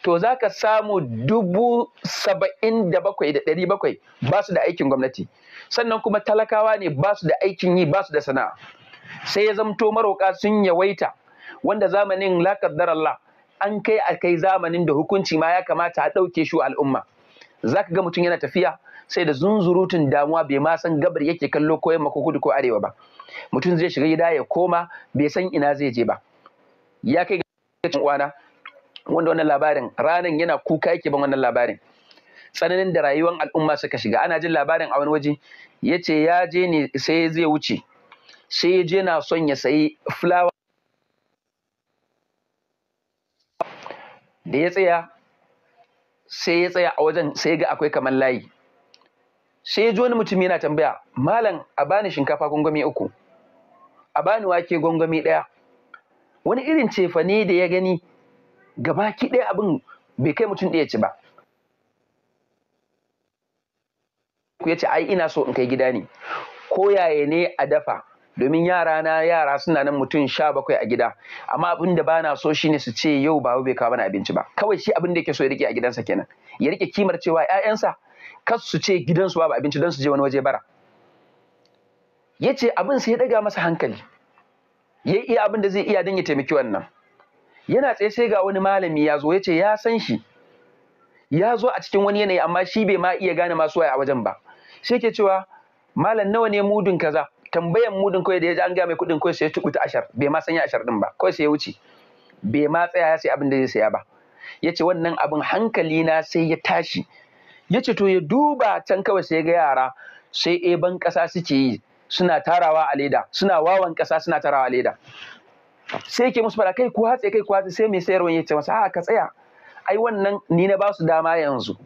to za ka samu dubu saba'in da bakwai da ɗari bakwai ba su da aikin gwamnati sannan kuma talakawa ne ba su da aikin yi ba su da sana'a sai ya zamto maroƙa sun yawaita wanda zamanin laƙaddar Allah an kai a kai zamanin da hukunci ma ya kamata a ɗauke shi al'umma za ka ga mutum yana tafiya sai da zunzurutun damuwa bai ma san gabar yake kallo ko yamma ko kudu ko arewa ba mutum zai shiga gida ya koma bai san ina zai je ba ya kai ga uwana wanda wannan labarin ranan yana kuka yake ban wannan labarin tsananin da rayuwar al'umma suka shiga ana jin labarin a wani waje ya ce ya je ne sai zai wuce sai je na son ya sayi fulawa da ya tsaya sai ya tsaya a wajen sai ga akwai kamar layi sai ya ji wani mutum yana tambaya malam a bani shinkafa gwangwami uku a bani wake gwangwami ɗaya wani irin cefane da ya gani gaba ki ɗaya abin bai kai mutum ɗaya ci ba ku ya ce ai ina so in kai gida ne ko yaya ne a dafa domin yara na yara suna nan mutum sha bakwai a gida amma abin da bana so shine su ce yau babu bai kawo mana abinci ba kawai shi abin da yake so ya rike a gidansa kenan ya rike kimar cewa 'ya'yansa kas su ce gidansu ba abinci don su je wani waje bara ya ce abin sai ya ɗaga masa hankali ya iya abin da zai iya don ya taimaki wannan yana tsaye sai ga wani malami ya zo ya ce ya san shi ya zo a cikin wani yanayi amma shi bai ma iya gane masu waya a wajen ba sai ke cewa malam nawa ne mudun kaza tambayan mudun kawai da ya ji an gaya mai kuɗin kawai sai ya tukuta ashar bai ma sanya ashar din ba kawai sai ya wuce bai ma tsaya ya sai abin da zai saya ba ya ce wannan abin hankali na sai ya tashi ya ce to ya duba can kawai sai ga yara sai eban kasa suke yi suna tarawa a leda suna wawan kasa suna tarawa a leda sai ke musu fara kai ku hatse kai ku hatse sai mai sayarwa ya ce masa a ka tsaya ai wannan ni na ba su dama yanzu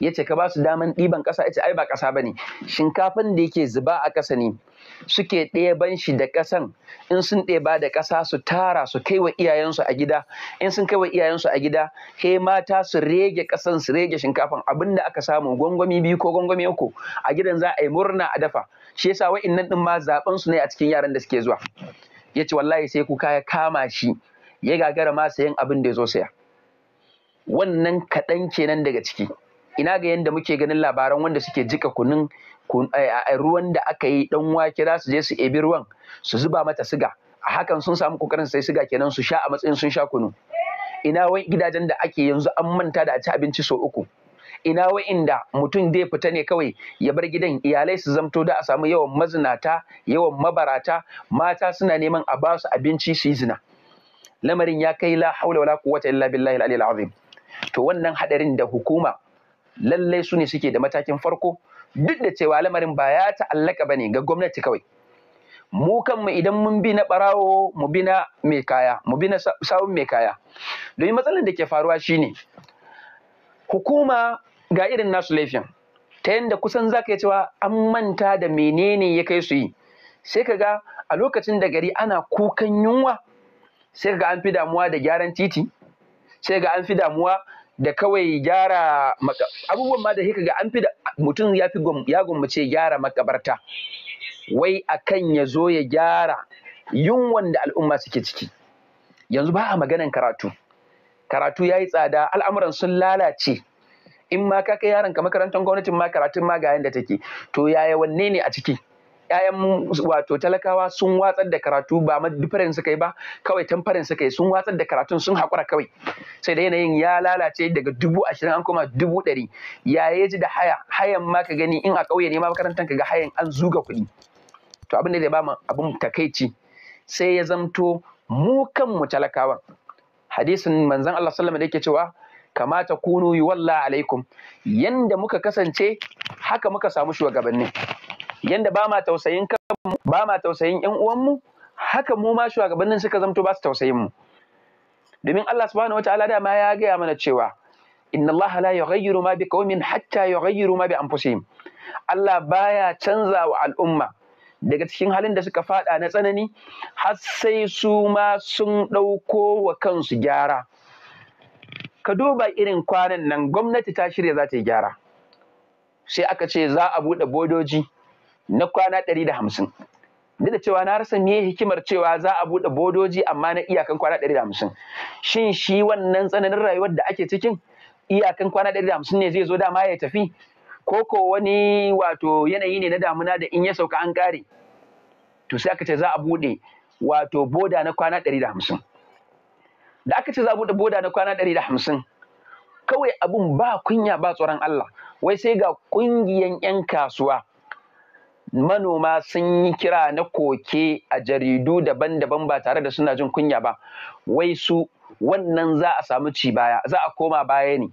ya ce ka ba su daman ɗiban ƙasa ya ce ai ba ƙasa ba ne shinkafin da yake zuba a ƙasa ne suke ɗeban shi da ƙasan in sun ɗeba da ƙasa su tara su kai wa iyayensu a gida in sun kai wa iyayensu a gida kai mata su rege ƙasan su rege shinkafan abin da aka samu gwangwami biyu ko gwangwami uku a gidan za a yi murna a dafa shi yasa wa'innan din ma zaɓen su ne a cikin yaran da suke zuwa ya ce wallahi sai kuka ya kama shi ya gagara ma sayan abin da ya zo saya wannan kaɗan kenan daga ciki ina ga yadda muke ganin labaran wanda suke jika kunun eh, ruwan da aka yi dan wake za su je su ebi ruwan su zuba mata siga a hakan sun samu kokarin sai siga kenan su sha a matsayin sun sha kunu ina wai gidajen da ake yanzu an manta da a ci abinci sau uku ina wa'inda mutum zai fita ne kawai ya bar gidan iyalai su zamto da a samu yawan mazinata yawan mabarata mata suna neman a basu abinci su yi zina lamarin ya kai la haula wala quwwata illa billahi al-ali azim to wannan hadarin da hukuma lallai su ne suke da matakin farko duk da cewa lamarin ba ya ta'allaka ba ne ga gwamnati kawai mu kanmu idan mun bi na barawo mu bi na mai kaya mu bi na sawun mai kaya domin matsalar da ke faruwa shine hukuma ga irin nasu laifin ta yadda kusan za ka yi cewa an manta da menene ya kai su yi sai ka ga a lokacin da gari ana kukan yunwa sai ga an fi damuwa da gyaran titi sai ga an fi damuwa da kawai gyara abubuwan ma da shi ga an fi da mutum ya fi ya gwammace gyara makabarta wai a kan ya zo ya gyara yunwan da al'umma suke ciki yanzu ba a maganan karatu karatu ya yi tsada al'amuran sun lalace in ma ka kai yaron ka makarantar gwamnatin ma karatun ma ga yanda take to yaya wanne ne a ciki Ƴaƴan wato talakawa sun watsar da karatu ba ma difaren suka yi ba kawai tamfarin suka yi sun watsar da karatun sun haƙura kawai sai da yanayin ya lalace daga dubu ashirin an koma dubu ɗari ya ya ji da haya hayan ma ka gani in a ƙauye ne ma makarantar ka ga hayan an zuga kuɗi to abin da zai ba mu abin takaici sai ya zamto mu kanmu talakawan hadisin manzon Allah sallama da yake cewa kamata kunu yi walla alaikum yanda muka kasance haka muka samu shugabanni yanda ba ma tausayin kanmu ba ma tausayin ƴan uwanmu haka mu ma shugabannin suka zamto ba su tausayin mu domin Allah subhanahu wataala dama ya gaya mana cewa inna Allah la yughayyiru ma biqaumin hatta yughayyiru ma bi anfusihim Allah baya canza wa al'umma daga cikin halin da suka fada na tsanani har sai su ma sun ɗauko wa kansu gyara ka duba irin kwanan nan gwamnati ta shirya za ta yi gyara sai aka ce za a buɗe bodoji na kwana ɗari da hamsin duk da cewa na rasa me hikimar cewa za a buɗe bodoji amma na iyakan kwana ɗari da hamsin shin shi wannan tsananin rayuwar da ake cikin iyakan kwana ɗari da hamsin ne zai zo dama ya tafi ko ko wani wato yanayi ne na damuna da in ya sauka an ƙare to sai aka ce za a buɗe wato boda na kwana ɗari da hamsin da aka ce za a buɗe boda na kwana ɗari da hamsin kawai abun ba kunya ba tsoron Allah wai sai ga ƙungiyan 'yan kasuwa manoma sun yi kira na koke a jaridu daban-daban ba tare da suna jin kunya ba wai su wannan za a samu ci baya za a koma baya ne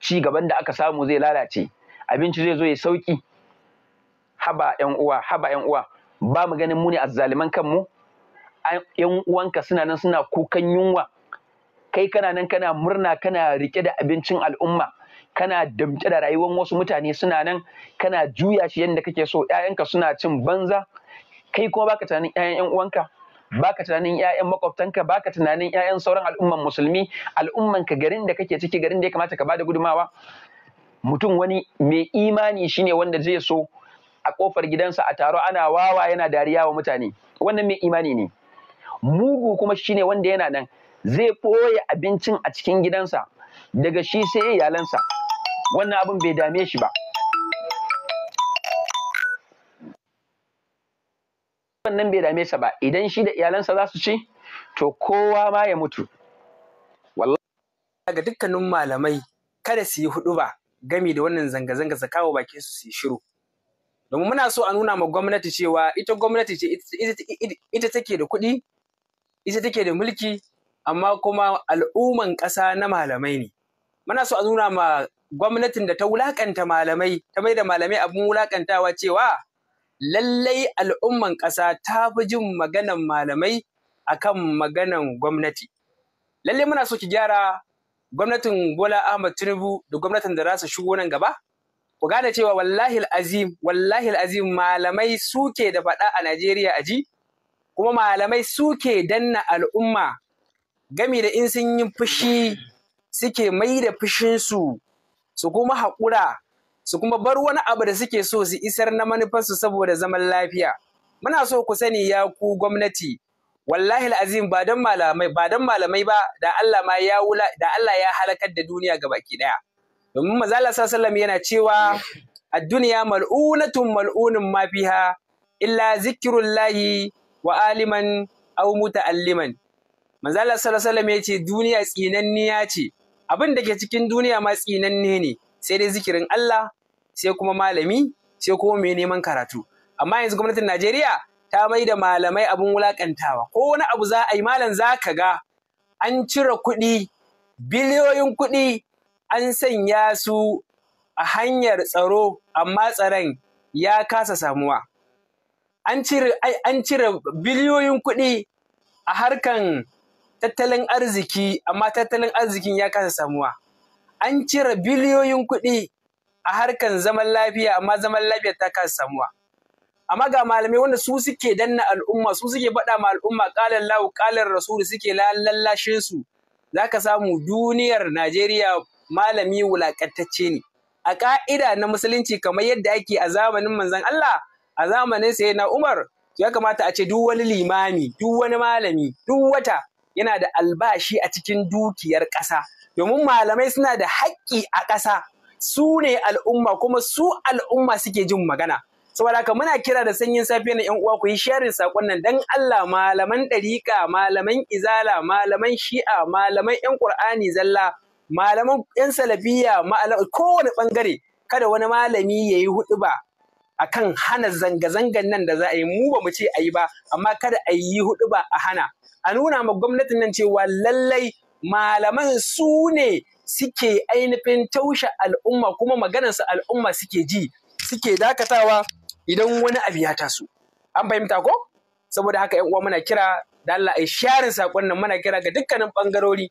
ci gaban da aka samu zai lalace abinci zai zo ya sauki haba yan uwa haba yan uwa ba mu ganin mu ne zaliman kanmu yan uwanka suna nan suna kukan yunwa kai kana nan kana murna kana rike da abincin al'umma kana damke da rayuwar wasu mutane suna nan kana juya shi yadda kake so 'ya'yanka suna cin banza kai kuma baka tunanin ƴaƴan ƴan uwanka baka tunanin ƴaƴan makwabtanka baka tunanin ƴaƴan sauran al'umman musulmi al'umman ka garin da kake ciki garin da ya kamata ka bada gudumawa mutum wani mai imani shine wanda zai so a kofar gidansa a taro ana wawa yana dariya wa mutane wannan mai imani ne mugu kuma shine wanda yana nan zai ɓoye abincin a cikin gidansa daga shi sai iyalansa wannan abin bai dame shi ba wannan bai dame sa ba idan shi da iyalansa za su ci to kowa ma ya mutu wallahi ga dukkanin malamai kada su yi hudu ba gami da wannan zanga-zanga su kawo bakin su su yi shiru domin muna so a nuna ma gwamnati cewa ita gwamnati ce ita take da kuɗi ita take da mulki amma kuma al'umman ƙasa na malamai ne muna so a nuna ma gwamnatin da ta wulakanta malamai ta mai da malamai abin wulakantawa cewa lallai al'umman ƙasa ta fi jin maganan malamai akan maganan gwamnati lallai muna so ki gyara gwamnatin Bola Ahmad Tinubu da gwamnatin da za su shigo nan gaba ku gane cewa wallahi azim wallahi azim malamai suke da faɗa a Najeriya a ji kuma malamai suke danna al'umma gami da in sun yi fushi suke mai da fushinsu su kuma haƙura su kuma bar wani abu da suke so su isar na manufarsu saboda zaman lafiya muna so ku sani ya ku gwamnati wallahi azim ba don malamai ba don malamai ba da Allah ma ya wula da Allah ya halakar da duniya gabaki daya domin manzo Allah yana cewa ad-dunya mal'unatun mal'unun ma fiha illa zikrullahi wa aliman aw muta'alliman manzo Allah sallallahu alaihi yace duniya tsinanniya ce abin da ke cikin duniya ma tsinanne ne sai dai zikirin Allah sai kuma malami sai kuma mai neman karatu amma yanzu gwamnatin Najeriya ta mai da malamai abin wulakantawa ko wani abu za a yi malam za ka ga an cire kuɗi biliyoyin kuɗi an sanya su a hanyar tsaro amma tsaron ya kasa samuwa an cire biliyoyin kuɗi a harkan tattalin arziki amma tattalin arzikin ya kasa samuwa an cire biliyoyin kuɗi a harkar zaman lafiya amma zaman lafiya ta kasa samuwa amma ga malamai wanda su suke danna al'umma su suke faɗa ma al'umma ƙalar lawu ƙalar rasulu suke lallashin su za ka samu duniyar najeriya malami wulaƙantacce ne a ƙa'ida na musulunci kamar yadda ake a zamanin manzon allah a zamanin na umar ya kamata a ce duk wani limami duk wani malami duk wata yana da albashi a cikin dukiyar ƙasa domin malamai suna da haƙƙi a ƙasa su ne al'umma kuma su al'umma suke jin magana saboda haka muna kira da sanyin safiya na 'yan uwa ku yi sharin saƙon nan dan Allah malaman ɗariƙa malaman izala malaman shi'a malaman 'yan ƙur'ani zalla malaman 'yan salafiya kowane ɓangare kada wani malami ya yi huɗu ba akan hana zanga-zangan nan da za a yi mu ba mu ce a yi ba amma kada a yi huɗu ba a hana a nuna ma gwamnatin nan cewa lallai malaman su ne suke ainihin taushe al'umma kuma maganarsa al'umma suke ji suke dakatawa idan wani abu ya taso an fahimta ko saboda haka yan uwa muna kira da Allah ai sharin sakon nan muna kira ga dukkanin bangarori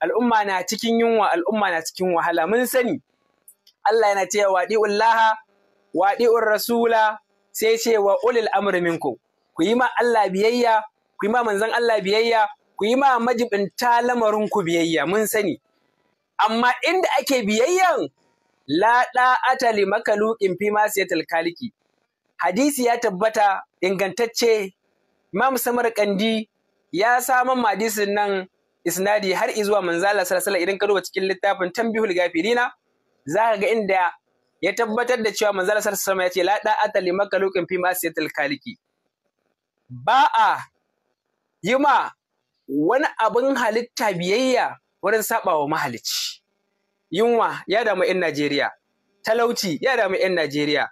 al'umma na cikin yunwa al'umma na cikin wahala mun sani Allah yana cewa wadi'ul laha wadi'ur rasula sai ce wa ulil amri minkum ku yi ma Allah biyayya ku yi ma manzan Allah biyayya ku yi ma majibinta lamarin ku biyayya mun sani amma inda ake biyayyan la da'ata li makaluqin fi ma siyatal kaliki hadisi ya tabbata ingantacce Imam Samarkandi ya saman hadisin nan isnadi har izuwa manzala sallallahu idan ka duba cikin littafin tambihul gafirina ka ga inda ya tabbatar da cewa manzala sallallahu ya ce la da'ata li makaluqin fi ma siyatal kaliki ba a yi ma wani abin halitta biyayya wurin wa mahalicci. Yunwa ya damu 'yan Najeriya, talauci ya damu 'yan Najeriya,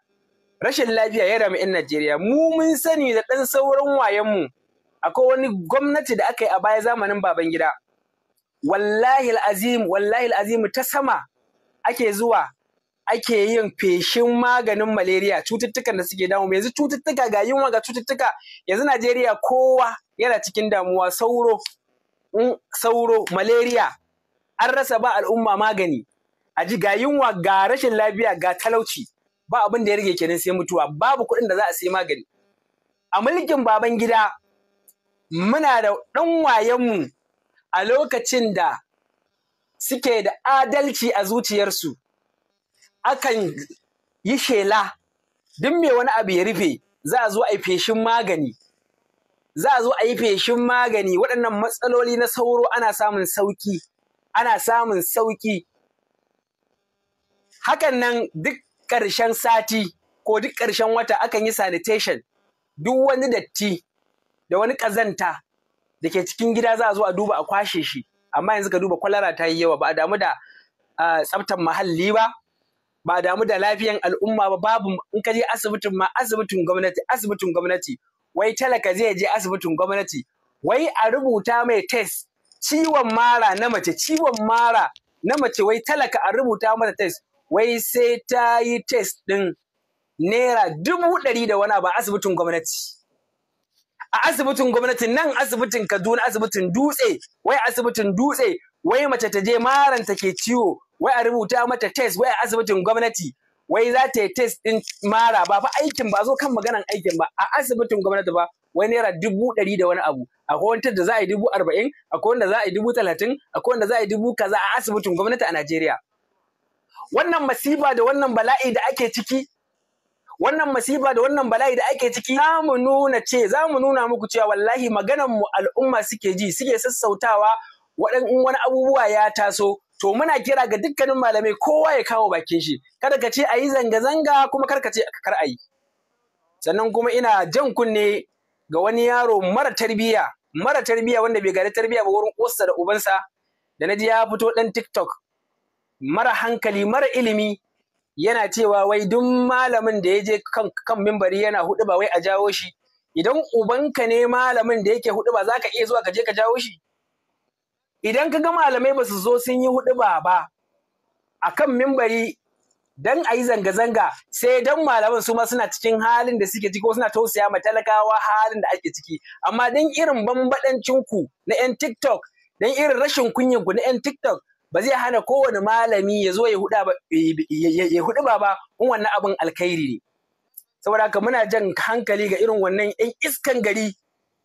rashin lafiya ya damu 'yan Najeriya. Mu mun sani da ɗan sauran wayanmu akwai wani gwamnati da aka yi a baya zamanin Babangida. Wallahi azim wallahi azim ta sama ake zuwa ake yin feshin maganin malaria cututtukan da suke damu yanzu cututtuka ga yunwa ga cututtuka yanzu Najeriya kowa yana cikin damuwa sauro mm, sauro malaria an rasa ba al'umma magani a ji ga yunwa ga rashin lafiya ga talauci ba abin da ya rage kenan sai mutuwa babu kuɗin da za a sai magani a mulkin baban gida muna da ɗan wayenmu a lokacin da suke da adalci a zuciyarsu akan yi shela duk me wani abu ya rufe za a zo a yi feshin magani za a zo a yi feshin magani waɗannan matsaloli na sauro ana samun sauki ana samun sauki hakan nan duk ƙarshen sati ko duk ƙarshen wata akan yi sanitation duk wani datti da wani ƙazanta da ke cikin gida za a zo a duba a kwashe shi amma yanzu ka duba kwalara ta yi yawa ba a damu da ah, tsaftar muhalli ba ba damu da lafiyan al'umma ba babu in ka je asibitin ma asibitin gwamnati asibitin gwamnati wai talaka zai je asibitin gwamnati wai a rubuta mai test ciwon mara na mace ciwon mara na mace wai talaka a rubuta mata test wai sai ta yi test din naira dubu ɗari da wani ba asibitin gwamnati a asibitin gwamnati nan asibitin kaduna asibitin dutse wai asibitin dutse wai mace ta je maranta ke ciwo wai a rubuta mata test wai a asibitin gwamnati wai za ta yi test din mara ba fa aikin ba zo kan maganan aikin ba a asibitin gwamnati ba wai naira dubu ɗari da wani abu akwai wani da za a yi dubu arba'in akwai wanda za a yi dubu talatin akwai wanda za a yi dubu kaza a asibitin gwamnati a Najeriya wannan masifa da wannan bala'i da ake ciki wannan masifa da wannan bala'i da ake ciki za mu nuna ce za mu nuna muku cewa wallahi maganan mu al'umma suke ji suke sassautawa waɗannan wani abubuwa ya taso to muna kira ga dukkanin malamai kowa ya kawo bakin shi kada ka ce a yi zanga-zanga kuma kar ka ce kar a yi sannan kuma ina jan kunne ga wani yaro mara tarbiyya mara tarbiyya wanda bai gari tarbiyya ba wurin ƙosta da ubansa da na ji ya fito ɗan tiktok mara hankali mara ilimi yana cewa wai duk malamin da ya je kan, kan mimbari yana huɗu ba wai a jawo shi idan ubanka ne malamin da yake hudu ba za ka iya zuwa ka je ka jawo shi idan ka ga malamai ba su zo sun yi hudu ba ba a kan mimbari dan a yi zanga-zanga sai dan malaman su ma suna cikin halin da suke ciki ko suna tausaya ma talakawa halin da ake ciki amma dan irin bambadancin ku na yan TikTok dan irin rashin kunyan ku na yan TikTok ba zai hana kowane malami ya zo ya huda ba ya hudu ba ba in wannan abin alkhairi ne saboda haka muna jan hankali ga irin wannan yan iskan gari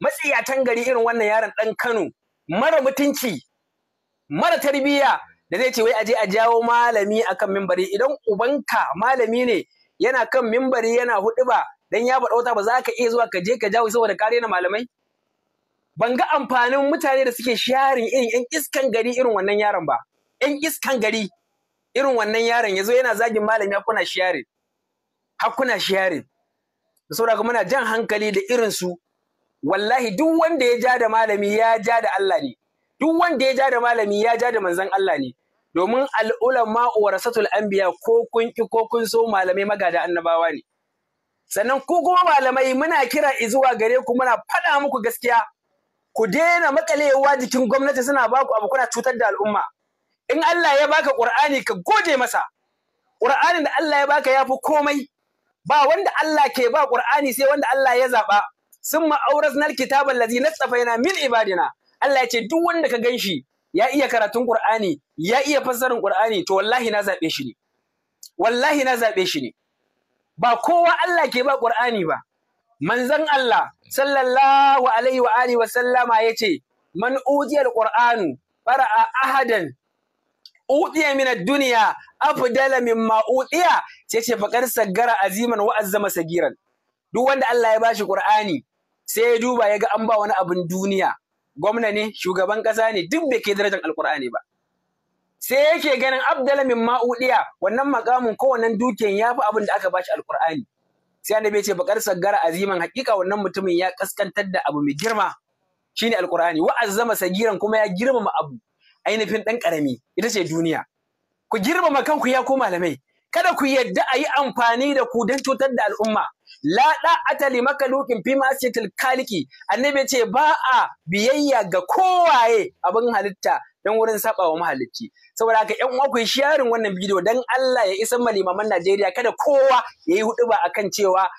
matsiyatan gari irin wannan yaron dan Kano mara mutunci mara tarbiyya da zai ce wai aje a jawo malami akan mimbari idan ubanka malami ne yana kan mimbari yana ba. dan ya bada wata ba za ka iya zuwa ka je ka jawo saboda kare na malamai ban ga amfanin mutane da suke sharin irin yan iskan gari irin wannan yaron ba yan iskan gari irin wannan yaron yazo yana zagin malami ya kuna sharin har kuna sharin da kuma muna jan hankali da irinsu. wallahi duk wanda ya ja da malami ya ja da Allah ne duk wanda ya ja da malami ya ja da manzon Allah ne domin al'ulama warasatul anbiya ko kun ki ko kun so malamai magada annabawa ne sannan ku kuma malamai muna kira izuwa gare ku muna faɗa muku gaskiya ku daina makalewa jikin gwamnati suna ba ku abu kuna cutar da al'umma in Allah ya baka Qur'ani ka gode masa Qur'anin da Allah ya baka ya fi komai ba wanda Allah ke ba Qur'ani sai wanda Allah ya zaba summa awrasnal kitaba allazi nastafaina min ibadina Allah ya ce duk wanda ka gan shi ya iya karatun Qur'ani ya iya fassarin Qur'ani to wallahi na zabe shi ne wallahi na zabe shi ne ba kowa Allah ke ba Qur'ani ba manzon Allah sallallahu alaihi wa alihi wa sallama ce, man ujiya alqur'anu fara'a ahadan udiya min ad-dunya afdala ma udiya sai ce fakar saggara aziman wa azzama sagiran duk wanda Allah ya bashi Qur'ani sai ya duba ya ga an ba wani abin duniya gwamna ne shugaban ƙasa ne duk bai kai darajar alkur'ani ba sai yake ganin abdalamin ma'u'ɗiya, ma'udiya wannan makamin ko wannan ya fi abin da aka bashi alkur'ani sai annabi bai ce bakar sangara aziman hakika wannan mutumin ya kaskantar da abu mai girma shine alkur'ani wa azzama sagiran kuma ya girmama abu ainihin dan karami ita ce duniya ku girmama kanku ya ko malamai kada ku yadda a yi amfani da ku don cutar da al'umma la atali maka makalukin fi masiyatil kaliki annabi ce ba a biyayya ga kowaye abin halitta dan wurin saba wa mahalicci saboda haka 'yan uwa ku sharing wannan bidiyo dan Allah ya isa malimaman Najeriya kada kowa yayi ba akan cewa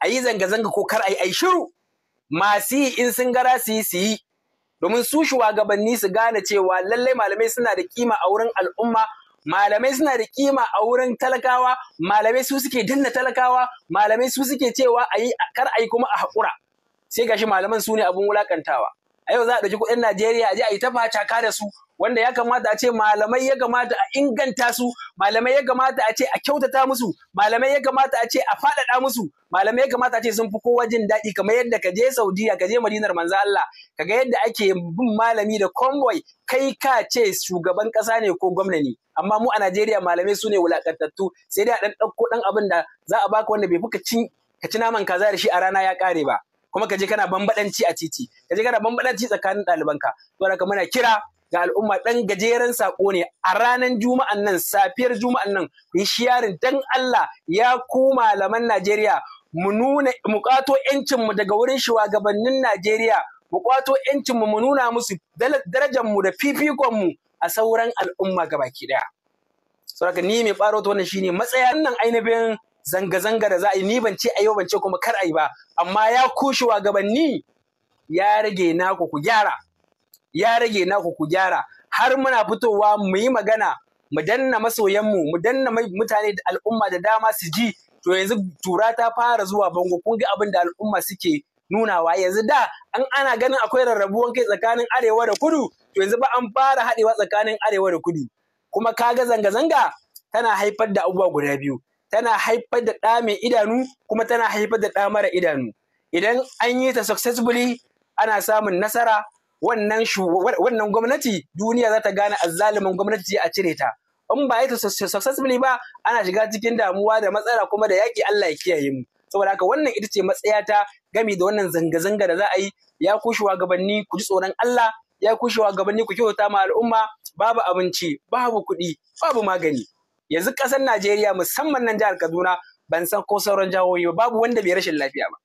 ayi zanga zanga ko kar ayi ayi shiru masu yi in sun gara su yi su yi domin su shugabanni su gane cewa lallai malamai suna da kima a wurin al'umma malamai suna da kima a wurin talakawa malamai su suke danna talakawa malamai su suke cewa a yi kar a yi kuma a haƙura sai gashi malaman su ne abin wulaƙantawa. a yau za a ɗauki kuɗin Najeriya a je a yi ta facaka da su wanda ya kamata a ce malamai ya kamata a inganta su malamai ya kamata a ce a kyautata musu malamai ya kamata a ce a faɗaɗa musu malamai ya kamata a ce sun fi kowa jin daɗi kamar yadda ka je Saudiya ka je Madinar manzo Allah ga yadda ake bin malami da convoy kai ka ce shugaban ƙasa ne ko gwamna ne amma mu a Najeriya malamai su ne wulaƙantattu sai dai a ɗan ɗauko ɗan abin da za a baka wanda bai fi ka ci naman kaza da shi a rana ya ƙare ba kuma ka je kana bambadanci a titi ka je kana bambadanci tsakanin ɗalibanka don haka muna kira ga al'umma ɗan gajeren saƙo ne a ranar juma'an nan safiyar juma'an nan ku yi dan Allah ya ku malaman Najeriya mu nuna mu ƙato mu daga wurin shugabannin Najeriya mu ƙwato mu mu nuna musu darajar mu da fifikon mu a sauran al'umma gabaki ɗaya. Saboda ni mai faro ta wannan shine matsayin nan ainihin zanga-zanga da za a yi ni ban ce a yau ban ce kuma kar a yi ba amma ya kushe wa gabanni ya rage naku ku gyara ya rage naku ku gyara har muna fitowa mu yi magana mu danna masoyanmu mu danna mutane da al'umma da dama su ji to yanzu tura ta fara zuwa bango kun ga abin da al'umma suke nunawa yanzu da an ana ganin akwai rarrabuwan kai tsakanin arewa da kudu to yanzu ba an fara haɗewa tsakanin arewa da kudu kuma kaga zanga-zanga tana haifar da abubuwa guda biyu tana haifar da ɗa mai idanu kuma tana haifar da ɗa mara idanu idan an yi ta successfully ana samun nasara wannan gwamnati duniya za ta gane azzalumin gwamnati a cire ta in ba yi ta successfully ba ana shiga cikin damuwa da matsala kuma da yaƙi Allah ya kiyaye mu saboda haka wannan ita ce matsayata, gami da wannan zanga-zanga da za a yi ya ku shugabanni ku ji tsoron Allah ya ku shugabanni ku kyauta ma al'umma babu abinci babu kuɗi babu magani yanzu ƙasar Najeriya musamman nan jihar Kaduna ban san ko sauran jihohi ba babu wanda bai rashin lafiya ba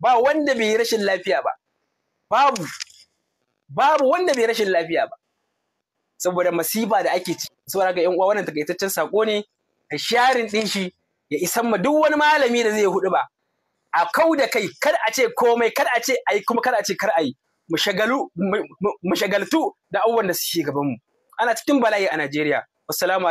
ba wanda bai rashin lafiya ba babu babu wanda bai rashin lafiya ba saboda masifa da ake ci saboda ga yan uwa wannan takaitaccen sako ne a sharin din shi ya isan ma duk wani malami da zai hudu ba a kau da kai kar a ce komai kar a ce ai kuma kar a ce kar ai mu shagalu mu shagaltu da abubuwan da suke gaban mu ana cikin bala'i a Najeriya wassalamu